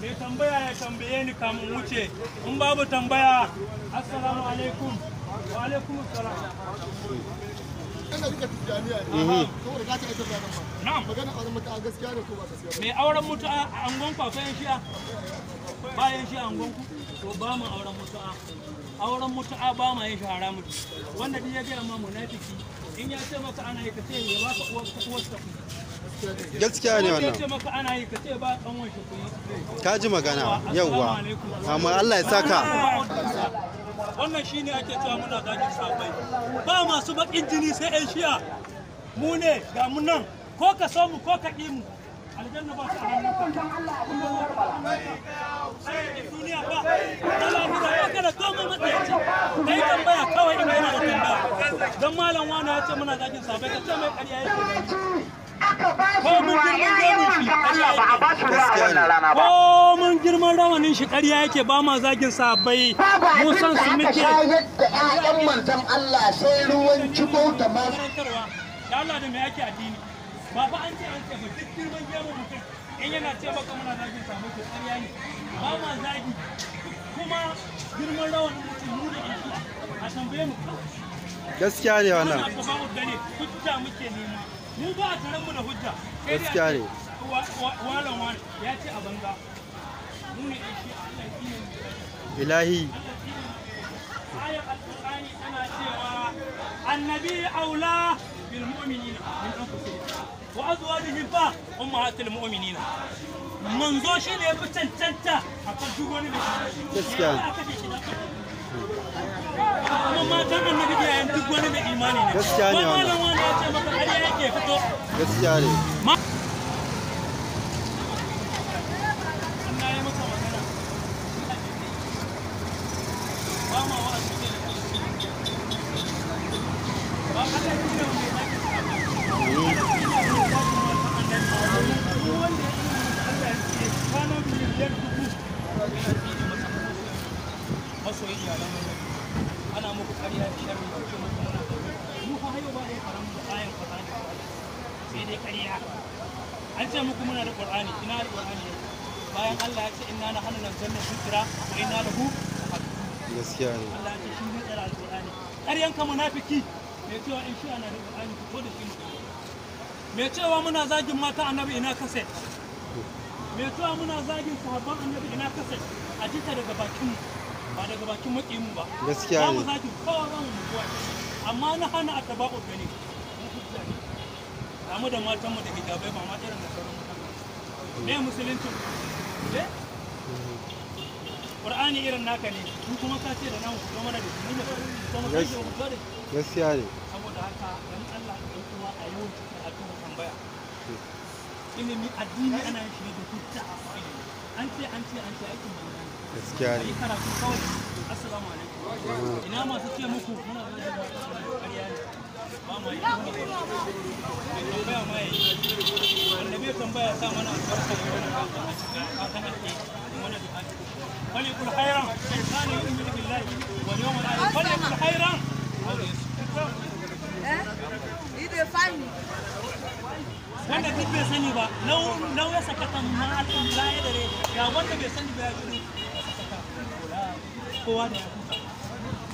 mai tambaya ya tambaye ni kamun wuce in babu tambaya assalamu alaikum wa alaikum assalam mai auren mutu'a a angon kwafayen shi'a bayan shi angon ku to ba mu auren mutu'a auren mutu'a ba ma yin shahara mutu wanda duk ya gaya ma munafiki in ya ce maka ana yi ka ce ya baka uwar ka uwar gaskiya ne wannan ka ji magana yauwa amma Allah ya saka wannan shi ne ake cewa muna zagin sabai ba masu bakin jini sai yan shiya mu ne ga mu nan ko ka so mu ko ka ƙi mu aljanna ba ta hannun duniya ba alamura ba kana komai matsayaci da yi tambaya kawai in yana da tambaya don malam wani ya ce muna zagin sabai ka ce mai ƙarya yake aka ba ruwa rana ba ko mun girman rawanin shi ƙarya yake ba ma zagin sabai mu san su muke ba abin da aka manzon Allah sai ruwan ciko da ma da Allah da me yake addini ba fa an ce an ce ba duk girman gemu mutum in yana ce baka muna zagin sa muke ƙarya ne ba ma zagi kuma girman rawanin mutum mu da a tambaye mu gaskiya ne wannan ba kuta muke nema mu ba a mu da hujja gaskiya ne wani ya ce a banza mu ne a shi Allah ilahi ayat ana cewa annabi aula bil mu'minina min anfusihim wa azwajihim fa ummahatul manzo shi ne ya fi cancanta a duk wani da shi gaskiya kuma matan annabi da yayin duk wani mai imani ne gaskiya ne wannan wanda ya ce maka ƙarya yake fito gaskiya ne Masoyi iyalan muna muku ƙarya da sharri da ce muna mu fa hayo ba faran sai dai an ce muku muna da Qur'ani ina da Qur'ani bayan Allah ya ce inna na hanu wa inna lahu gaskiya ne Allah ya ce shi ne tsara Qur'ani ƙaryan ka munafiki me cewa in shi ana da Qur'ani ko da shi me cewa muna zagin mata annabi ina kaset me cewa muna zagin sahabban annabi ina kase a jita daga bakin mu ba daga bakin makiyin mu ba gaskiya ne mu zaki kowa ba mu mutuwa amma na hana a taba tabako gani mu hujja ne kamu da matan mu da hijabai ba ma irin da sauran mutane ne musulunci ne eh? Qur'ani irin naka ne in kuma ka ce da namu kuma mana da shi ne kuma ka ce mu gare gaskiya ne saboda haka dan Allah ya kuma a yau a kuma tambaya ilimi addini ana shi da hujja a fa'ili an ce an ce an ce aikin manzo gaskiya eh? ne wanda duk bai sani ba ya al'umma ya dare wanda bai sani ba ya kowa da ya kusa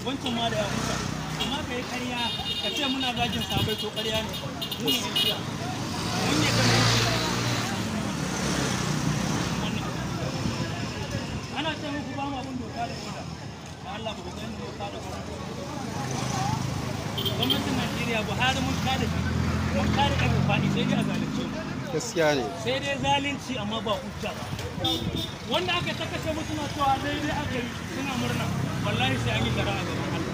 wancan ma da ya kusa amma ka yi karya ka ce muna zagin sabai to karya ne mu ne gaskiya mun ne kamar ana ce muku ba mu abin doka da oda ba Allah ba ku gani doka da oda gwamnatin Najeriya Buhari mun kada mun kada ɗan faɗi sai dai a zalunci gaskiya ne sai dai zalunci amma ba hujja ba wanda aka takashe musu na cewa daidai aka yi suna murna wallahi sai an yi gara a gaban Allah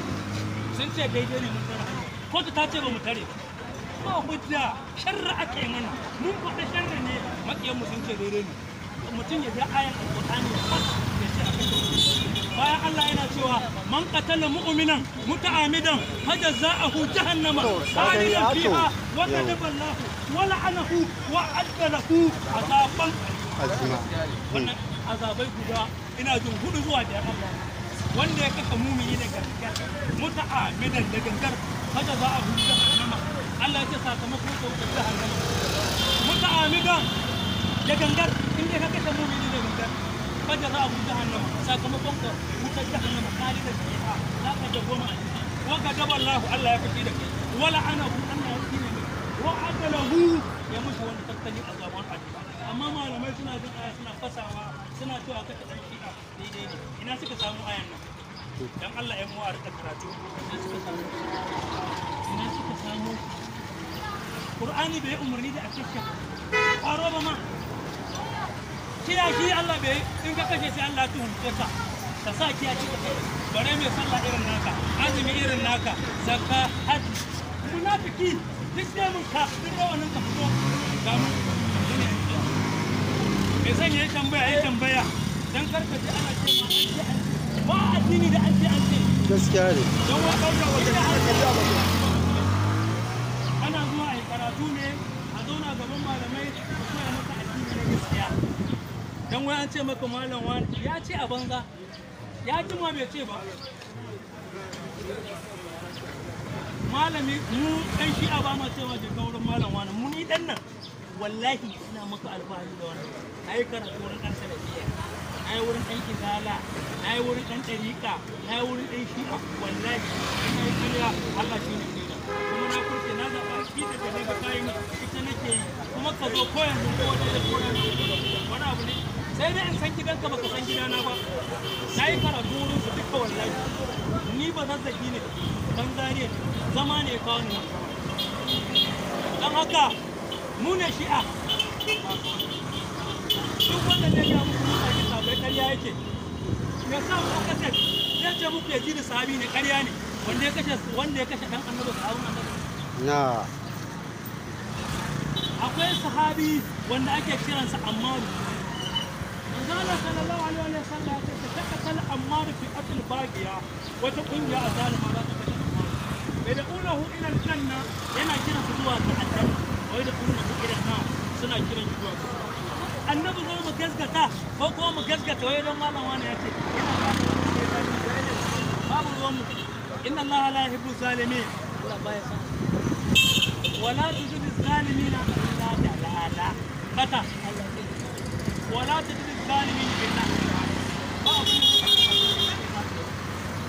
sun ce dai dai ne mun tara kotu ta ce ba mu tare ba hujja sharri aka yi mana mun faɗa sharri ne makiyan mu sun ce dai ne mutum ya ga ayan alƙur'ani ya fasa ya ce a bayan Allah yana cewa man qatala mu'minan muta'amidan fajaza'ahu jahannama khalidan fiha wa kadaballahu ولعنه وأعد له عذابا عظيما azabai guda ina jin hudu zuwa biyar Allah wanda kaka mumini da gangar muta amidan da gangar haka za a hudu jahannama Allah ya wuce jahannama muta amidan da gangar inda kaka mumini da gangar haka za a hudu jahannama sakamakon ka wuce jahannama kalidan fiha da goma a Allah da wala ana wa'ada lahu ya musu wani tattali a zaman addu'a amma malamai suna jin aya suna fasawa suna cewa ka tafi shi'a daidai ne ina suka samu ayan nan dan Allah ya mu a rika karatu ina suka samu ina suka samu Qur'ani bai umarni da a kashe ƙwaro ba ma kira shi Allah bai in ka kashe sai Allah ya tuhumce ka ka sa kiya ci kai bare mai sallah irin naka azumi irin naka zakka hajji munafiki duk damun ka duk rawanin ka fito ga mu me zan yi tambaya yi tambaya ce addini da an ce an ce gaskiya ne don wa kaura wa karatu ne a zauna gaban malamai da kuma maka addini na gaskiya dan wai an ce maka malam wani ya ce a banza ya ji ma bai ce ba malami mu dan shi'a ba ma cewa je ga wurin malam wani mu ni dan nan wallahi ina maka alfahari da wannan ai karatu wurin dan salafiya ai wurin dan kizala ai wurin dan dariqa ai wurin dan shi'a wallahi ina yi kariya Allah shi ne kai kuma na kurce na zaba ki da ne ga kai ita nake yi kuma ka zo koyan yanzu ko da ko da wani abu ne sai dai gidanka baka san gidana ba na yi karatu wurin su duka wallahi ni ba zazzaki ne ban zariya zama ne ka ni don haka mu ne shi'a duk wanda ne ya muku mutane sabai karya yake ya sa mu aka ce zai ce muku da sahabi ne karya ne wanda ya kashe wanda ya kashe dan annabi sahabun wannan na akwai sahabi wanda ake kiransa ammaru manzala sallallahu alaihi wa sallam ya ce ta katal ammar fi atil bagiya wata kungiya a zalima za ta kashe ammar bai da ulahu ila janna yana kiran su zuwa ga aljanna wai da ulahu ila na suna kiran shi zuwa annabi zo mu gaskata ko ko mu gaskata wai don malam wani ya ce yana ba babu ruwan mu inna allaha la yuhibbu zalimin Allah baya san wala tujibu zalimin illa ta'ala kata Allah ولا تجد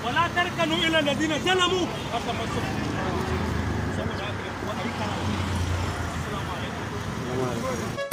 ولا تركنوا الى الذين ظلموا السلام عليكم